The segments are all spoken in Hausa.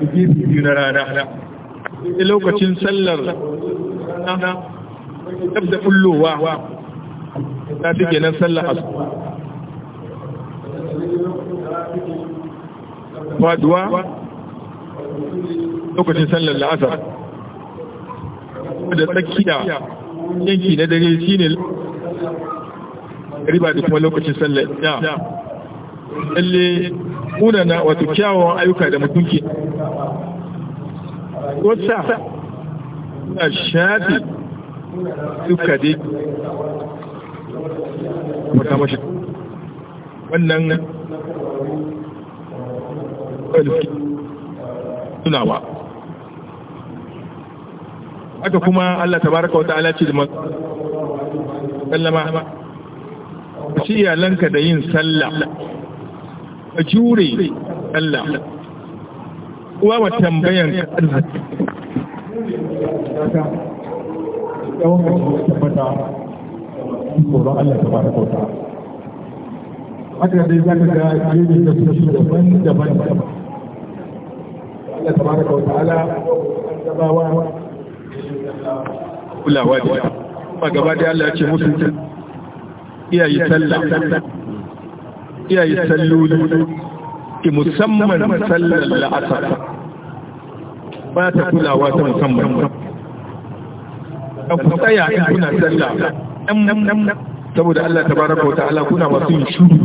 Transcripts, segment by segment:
gefe biyu na rana da lokacin sallar ɗaf da fullowa ta take nan sallar asu faduwa lokacin sallar la'asar da tsakiya yanki na dare shi ne riba da kuma lokacin sallar ya tsalle munana wato kyawawan ayyuka da mutum ke wata a shafi suka dai mata mashi wannan ƙarfi tunawa haka kuma Allah tabaraka wa ta'ala ce da sallama shi iyalanka da yin sallah ka jure Allah uwa wa tambayan Allah dai za ka ga da daban daban Allah ta gabawa kulawa da ba gaba da Allah ya ce mutunta sallah kiyaye salloli ki musamman sallar la'asar ba ta kulawa ta musamman a ku tsaya in kuna sallah saboda Allah ta baraka wa ta'ala kuna masu yin shuru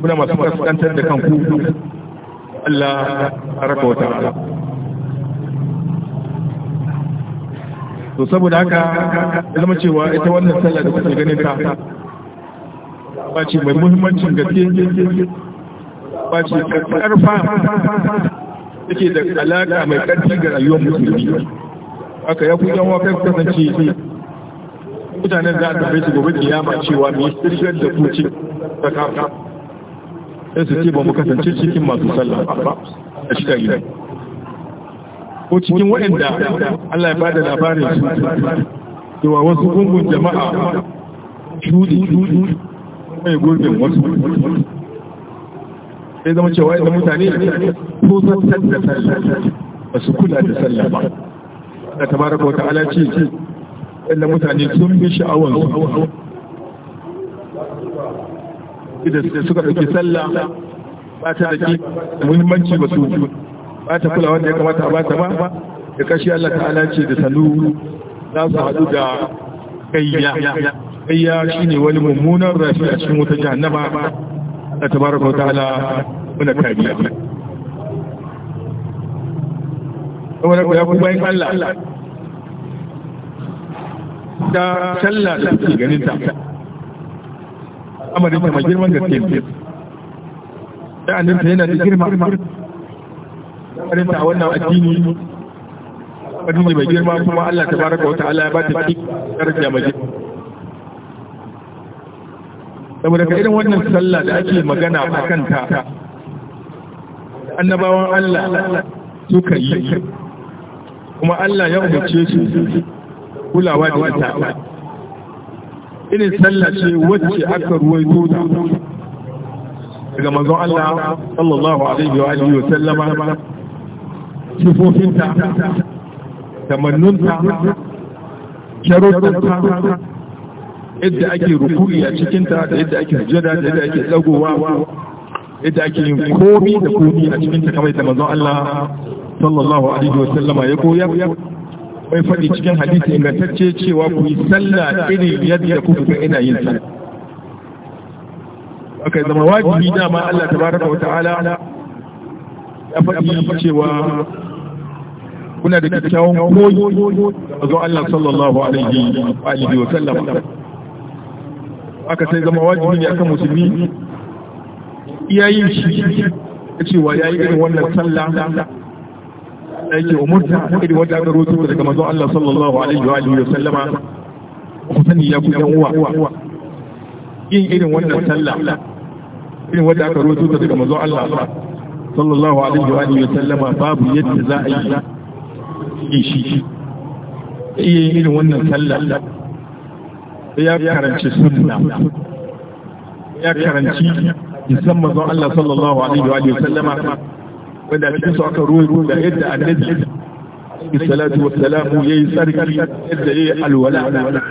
kuna masu kaskantar da kanku Allah baraka wa ta'ala to saboda haka zama cewa ita wannan sallar da kuke ganin ta ba ce mai muhimmancin gaske ba ce karfa yake da alaka mai karfi ga rayuwar musulmi aka ya kujan wakar kasance mutanen za a tafi su gobe kiyama cewa mai shirgar da kuce ta kafa sai su ce ba mu kasance cikin masu sallah ba a shiga gida ko cikin waɗanda Allah ya bada labarin su cewa wasu gungun jama'a shudi mai gurbin wasu sai zama cewa yadda mutane ko zartar da sallah ba su kula da sallah ba da tabaraka wata alaci ce yadda mutane sun bi sha'awar su da suka ɗauki sallah ba ta da muhimmanci ba su ba ta kula wanda ya kamata a ta ba da kashi Allah ta'ala ce da salu za su haɗu da gayya tsayya shi ne wani mummunan rafi a cikin wata jahannama a tabaraka wata ala muna kariya wani kuwa ku bayan Allah ta sallah da ke ganin ta amarin ta magirman gaske ne ta annabta yana da girma amarin ta wannan addini wani mai girma kuma Allah ta baraka wata ala ya ba ta cikin ƙarfi a magirman saboda ka irin wannan sallah da ake magana a kanta annabawan Allah suka yi kuma Allah ya umarce su kulawa da wata irin sallah ce wacce aka ruwaito ta daga manzon Allah sallallahu alaihi wa alihi wa sallama sifofinta tamannunta sharuɗinta yadda ake ruku'i a cikinta da yadda ake sujada da yadda ake dagowa yadda ake yin komi da komi a cikinta kamar da manzon Allah sallallahu alaihi wasallama ya koyar bai faɗi cikin hadisi ingantacce cewa ku yi sallah irin yadda kuka ga ina yin sallah aka zama wajibi dama Allah tabaraka wa ta'ala ya faɗi cewa kuna da kyakkyawan koyi a zo Allah sallallahu alaihi wa sallam aka sai zama wajibi ne akan musulmi iyayin shi cewa yi irin wannan sallah yake umurta irin wanda aka roto daga mazo Allah sallallahu alaihi wa alihi wa sallama ku sani ya ku yan uwa yin irin wannan sallah irin wanda aka roto daga mazo Allah sallallahu alaihi wa alihi wa sallama babu yadda za a yi shi iya yin irin wannan sallah ya karanci sunna ya karanci isan mazan Allah sallallahu alaihi wa sallama wanda cikin su aka ruwa da yadda annabi salatu wa salamu yayi tsarki yadda yayi alwala yadda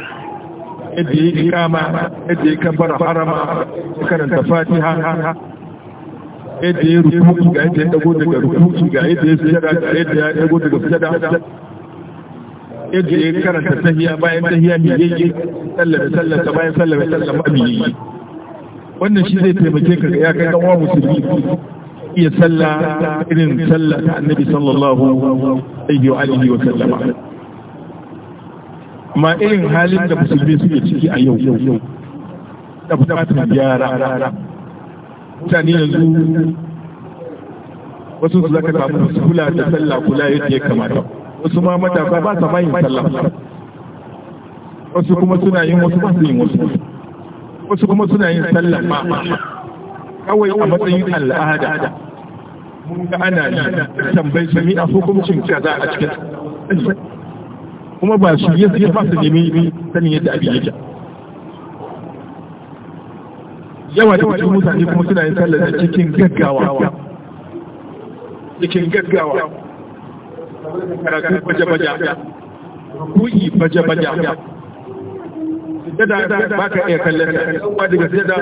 yayi ikama yadda yayi kabbara harama karanta fatiha yadda yayi rukuki ga yadda ya dago daga rukuki ga yadda ya sujada ga yadda ya dago daga sujada yadda ya karanta tafiya bayan tafiya mai yayye sallame sallata bayan tallafi sallama mai yayye wannan shi zai taimake ka ya kai kan wa musulmi iya sallah irin sallah ta annabi sallallahu alaihi wa alihi wa sallama amma irin halin da musulmi suke ciki a yau da bukatar gyara mutane yanzu wasu su zaka samu su kula da sallah kula yadda ya kamata wasu ma matasa ba sa mayin sallah wasu kuma suna yin wasu ba su yin wasu wasu kuma suna yin sallah ma kawai a matsayin al'ada mun ga ana yi tambayi su a hukuncin kaza a cikin kuma ba su yi ba su nemi sanin yadda abin yake yawa da wajen mutane kuma suna yin sallah cikin gaggawa cikin gaggawa karatu baje-baje rukuyi baja-baja sujada ba ka iya kallon da ba daga sujada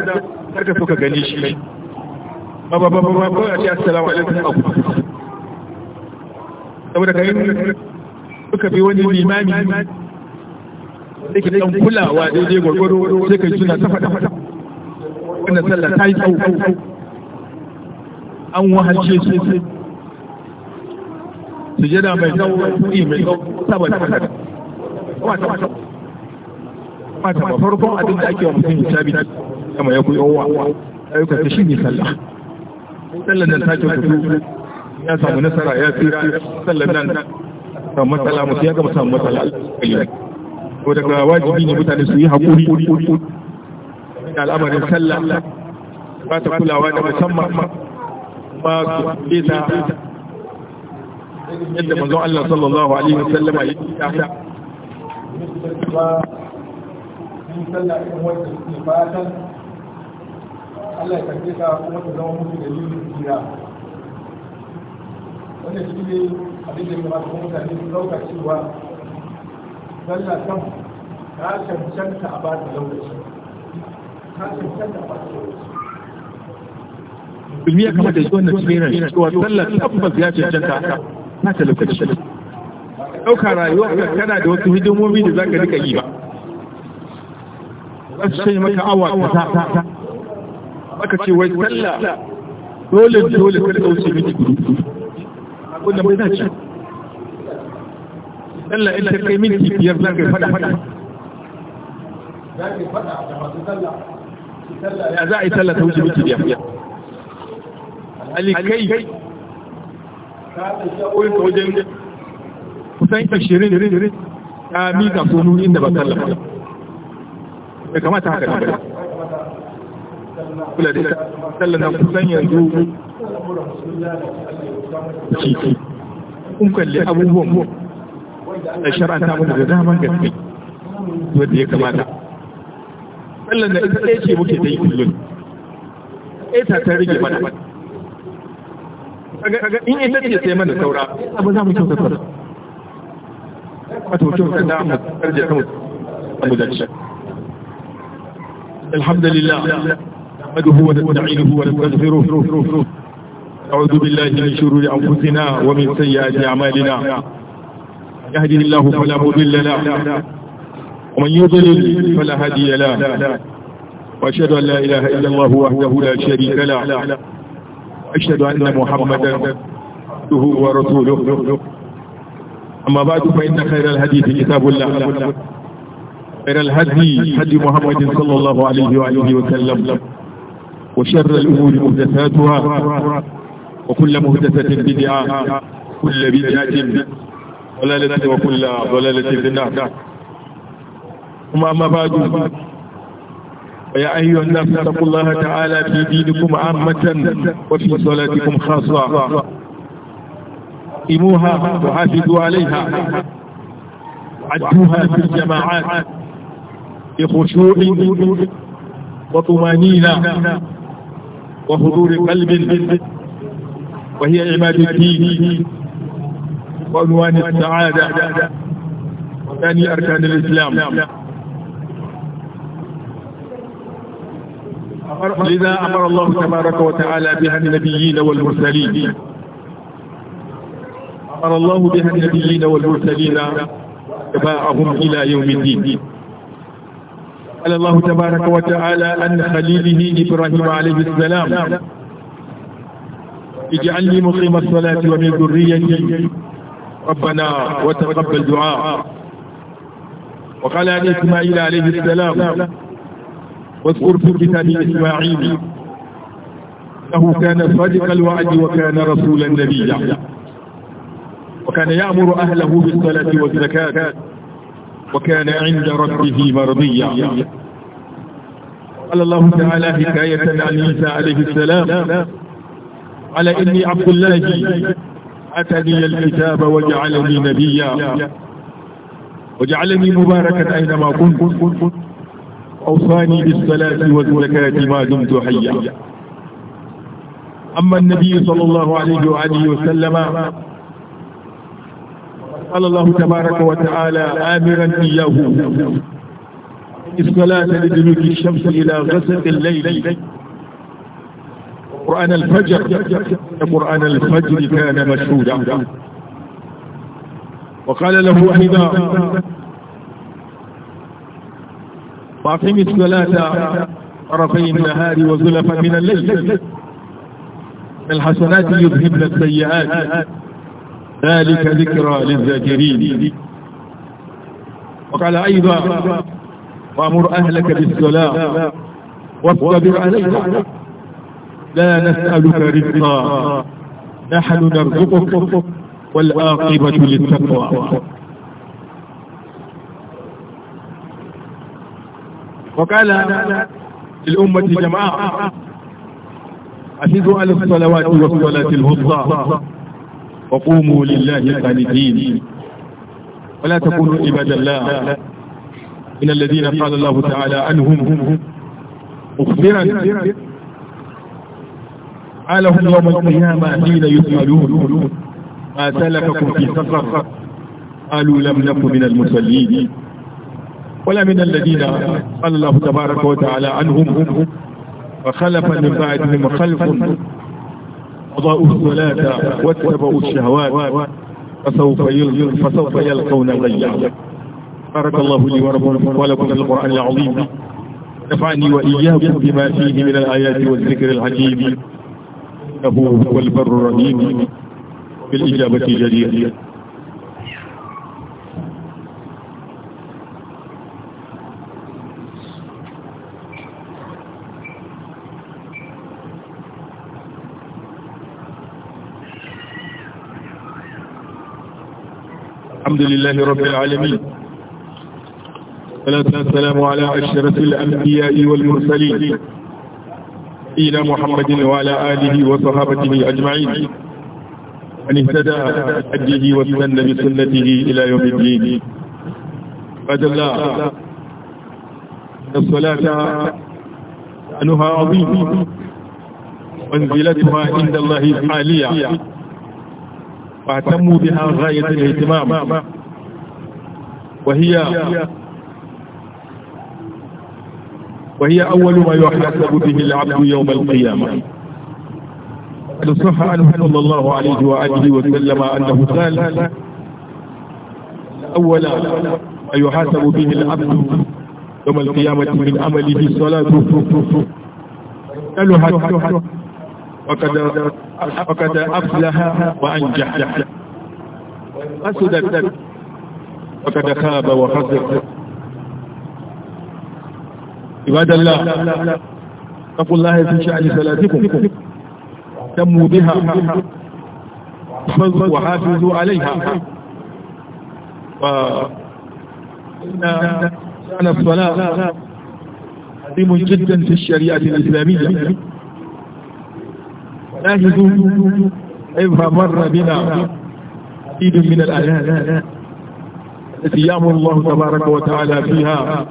karka suka ka gani shi ba ba ba a ba ba ce assalamu alaikum abu saboda ka yi suka bi wani limami da ke dan kulawa daidai gwargwaro sai ka yi suna ta faɗa wannan sallah ta yi tsawo an wahalce sosai sujada mai tsawo yi mai tsawo saboda haka wata wata ba farkon abin da ake wa mutum hisabi kama ya kuyi owa ayyukan ta shi sallah sallan nan ta kyautatu ya samu nasara ya fi sallan nan samu matsala mutum ya gama samu matsala ko daga wajibi ne mutane su yi haƙuri da al'amarin sallah ba ta kulawa da musamman ba su beta yadda manzon Allah sallallahu alaihi wasallama ya yi ta ta sallah irin Allah ya karfe kuma da ne abin da kuma mutane dauka cewa sallah kan ta cancanta a bata lokaci ta cancanta a lokaci kamata ya ci wannan cikin cewa sallah tabbas ya cancanta a fata lokaci ɗauka rayuwa tana da wasu hidimomi da za ka rika yi ba za su shanye maka awa ta aka ce wai sallah dole dole da ɗauce miki gudu wanda mai dace sallah in ta kai minti biyar za ka yi fada fada ya za a yi sallah ta wuce minti biyar alikai wajen kusan ashirin ta miƙa sunu inda ba tallafa da kamata haka da bada kula da tallan nan kusan yanzu ciki kun kalli abubuwan mu da shar'anta mu da daman gaske wanda ya kamata tallan da ita ce muke ta yi kullum ita ta rage mana kaga in ita ce sai mana saura abu za mu kyautata wato kyautata mu karje kan mu da shi alhamdulillah نحمده ونستعينه ونستغفره أعوذ بالله من شرور أنفسنا ومن سيئات أعمالنا يهده الله فلا مضل له ومن يضلل فلا هادي له وأشهد أن لا إله إلا الله وحده لا شريك له أشهد أن محمدا عبده ورسوله أما بعد فإن خير الحديث كتاب الله خير الهدي هدي محمد صلى الله عليه وآله وسلم وشر الأمور محدثاتها وكل محدثة بدعة كل بدعة ضلالة وكل ضلالة في النار أما بعد ويا أيها الناس اتقوا الله تعالى في دينكم عامة وفي صلاتكم خاصة إموها وحافظوا عليها عدوها في الجماعات بخشوع وطمانينة وحضور قلب وهي عباد الدين وعنوان السعادة وثاني أركان الإسلام لذا أمر الله تبارك وتعالى بها النبيين والمرسلين أمر الله بها النبيين والمرسلين تباعهم إلى يوم الدين قال الله تبارك وتعالى عن خليله إبراهيم عليه السلام اجعلني مقيم الصلاة ومن ذريتي ربنا وتقبل دعاء وقال عن إسماعيل عليه السلام واذكر في كتاب إسماعيل أنه كان صادق الوعد وكان رسولا نبيا وكان يأمر أهله بالصلاة والزكاة وكان عند ربه مرضيا قال الله تعالى حكاية عن عيسى عليه السلام على إني عبد الله أتني الكتاب وجعلني نبيا وجعلني مباركا أينما كنت أوصاني بالصلاة والزكاة ما دمت حيا أما النبي صلى الله عليه وآله وسلم قال الله تبارك وتعالى آمرا إياه الصلاة لدلوك الشمس إلى غسق الليل قرآن الفجر قرآن الفجر كان مشهودا وقال له أيضا وأقم الصلاة طرفي النهار وزلفا من الليل الحسنات يذهبن السيئات ذلك ذكرى للذاكرين وقال أيضا وأمر أهلك بالصلاة واصبر عليها لا نسألك رزقا نحن نرزقك والآقبة للتقوى وقال للأمة جماعة أشهدوا على الصلوات والصلاة الوسطى وقوموا لله قانتين ولا تكونوا عباد الله من الذين قال الله تعالى عنهم مخبرا قالهم يوم القيامة حين يسألون ما سلككم في سفر قالوا لم نكن من المسلمين ولا من الذين قال الله تبارك وتعالى عنهم وخلف من بعدهم خلف أضاءوا الصلاة واتبعوا الشهوات فسوف فسوف يلقون غيا بارك الله لي وربكم ولكم في القرآن العظيم نفعني وإياكم بما فيه من الآيات والذكر الحكيم إنه هو البر الرحيم بالإجابة جدير الحمد لله رب العالمين صلاة والسلام على أشرف الأنبياء والمرسلين إلى محمد وعلى آله وصحابته أجمعين أن اهتدى بهديه واستنى بسنته إلى يوم الدين قد الله الصلاة أنها عظيم منزلتها عند الله عالية واهتموا بها غاية الاهتمام وهي وهي أول ما يحاسب به العبد يوم القيامة صح عنه صلى الله عليه وآله وسلم أنه قال أول ما يحاسب به العبد يوم القيامة من عمله صلاته قالوا حتى وقد فقد أفلح وأنجح أسدت فقد خاب وخسر عباد الله اتقوا الله في شأن صلاتكم اهتموا بها وحافظوا عليها وإن شأن الصلاة عظيم جدا في الشريعة الإسلامية شاهد إذا مر بنا عيد من الآيات التي يأمر الله تبارك وتعالى فيها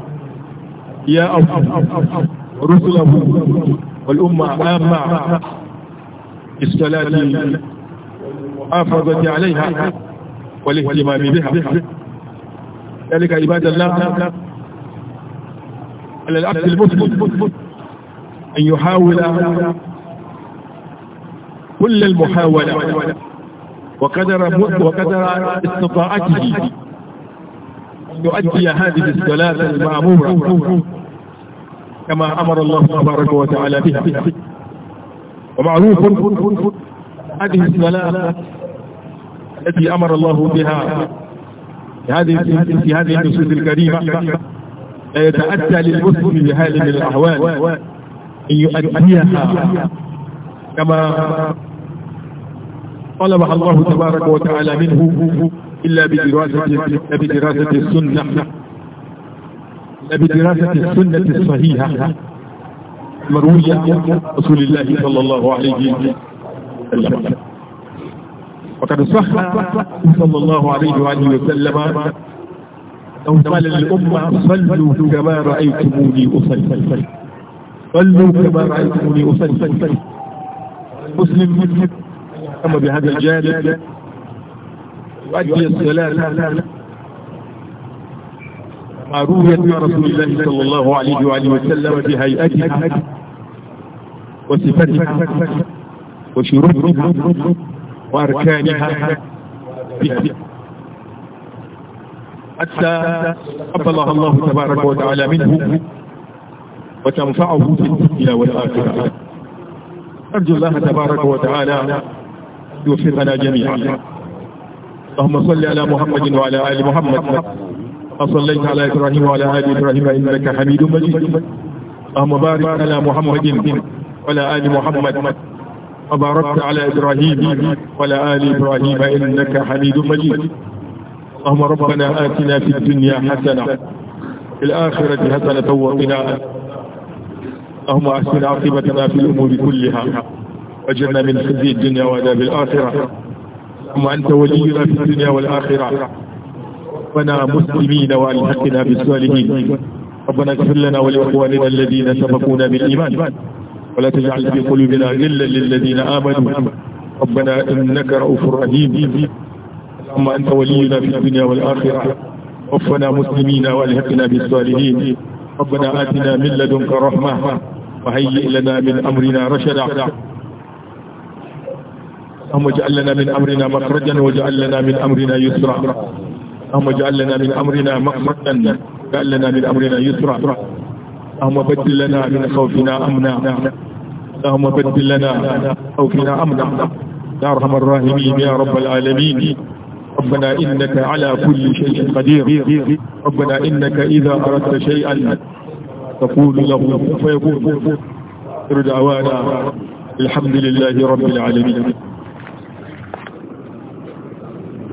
يا أفضل رسله والأمة عامة بالصلاة والمحافظة عليها والاهتمام بها ذلك عباد الله على العبد المسلم أن يحاول كل المحاولة وقدر وقدر استطاعته أن يؤدي هذه الصلاة المأمورة كما أمر الله تبارك وتعالى بها ومعروف هذه الصلاة التي أمر الله بها هذه في هذه النصوص الكريمة لا يتأتى للمسلم بهذه الأحوال أن يؤديها كما طلبها الله تبارك وتعالى منه إلا بدراسة, بدراسة السنة بدراسة السنة الصحيحة مروية رسول الله صلى الله عليه وسلم وقد صح صلى الله عليه وآله وسلم أو قال للأمة صلوا كما رأيتموني أصلي صلوا كما رأيتموني أصلي مسلم أما بهذا الجانب يؤدي الصلاة ما روية رسول الله صلى الله عليه وآله وسلم بهيئته وصفتها وشروطها وأركانها حتى قبلها الله تبارك وتعالى منه وتنفعه في الدنيا والآخرة أرجو الله تبارك وتعالى يوفقنا جميعا اللهم صل على محمد وعلى آل محمد وصليت على إبراهيم وعلى آل إبراهيم إنك حميد مجيد اللهم بارك على محمد وعلى آل محمد وباركت على إبراهيم وعلى آل إبراهيم إنك حميد مجيد اللهم ربنا آتنا في الدنيا حسنة في الآخرة حسنة وقنا اللهم أحسن عاقبتنا في الأمور كلها واجرنا من خزي الدنيا وعذاب الآخرة اللهم أنت ولينا في الدنيا والآخرة ربنا مسلمين وألحقنا بالصالحين ربنا اغفر لنا ولإخواننا الذين سبقونا بالإيمان ولا تجعل في قلوبنا غلا للذين آمنوا ربنا إنك رؤوف رحيم اللهم أنت ولينا في الدنيا والآخرة وفنا مسلمين وألحقنا بالصالحين ربنا آتنا من لدنك رحمة وهيئ لنا من أمرنا رشدا اللهم اجعل لنا من أمرنا مخرجا واجعل لنا من أمرنا يسرا اللهم اجعل لنا من أمرنا مخرجا واجعل لنا من أمرنا يسرا اللهم بدل لنا من خوفنا أمنا اللهم بدل لنا خوفنا أمنا يا أرحم الراحمين يا رب العالمين ربنا إنك على كل شيء قدير ربنا إنك إذا أردت شيئا تقول له فيقول ترجع وانا الحمد لله رب العالمين